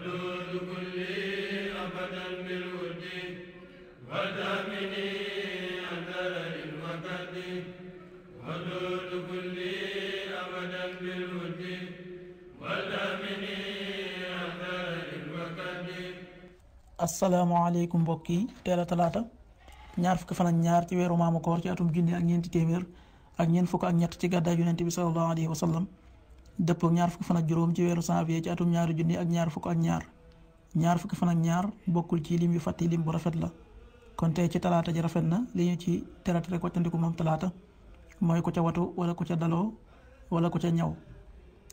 وحدود كلي أبدا بالود وتأمني أنت للمكد وحدود كلي أبدا بالود وتأمني أنت للمكد asalaamaaleykum mbokk talaata ñaar fukki fan ak ñaar ci weeru maamu koor ci atum junni ak ñeenti téeméer ak ñeent fukk ak ñett ci gàddaay yonente bi sallallahu alayhi dëppoo ñaar fukki fan ak juróom ci weeru janvier ci atum ñaari junni ak ñaar ak ñaar ñaar fukki fan ñaar bokkul ci lim yu fàtt yi lim bu rafet la kon tey ci talaata ji rafet na li ñu ci terat rek wattandiku moom talaata mooy ko ca watu wala ko ca daloo wala ko ca ñaw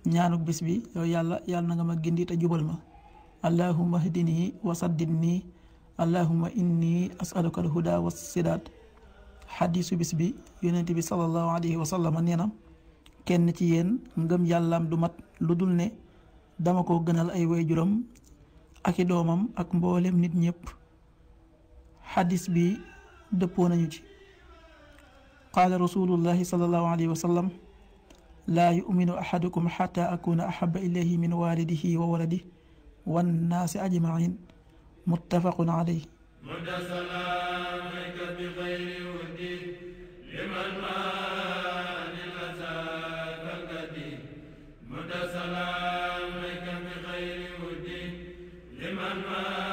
ñaanuk bis bi yow yàlla yàlla na nga ma gindi te jubal ma allahumma hdini wa saddidni allahumma inni asaluka alhuda wa sidaat xadiisu bis bi yonent bi sallallahu alayhi wa sallam nee na kenn ci yéen ngëm yàllaam du mat lu dul ne dama ko gënal ay waajuram ak doomam ak mboolem nit ñépp xadis bi dëppoo nañu ci qaala rasulullahi sallallahu alayhi wa sallam laa yuminu axadukum xata akuna axaba ilayhi min waalidihi wa waladihi wannaasi ajmain muttafaqun alayh salaamaka bi xayri wudi liman ma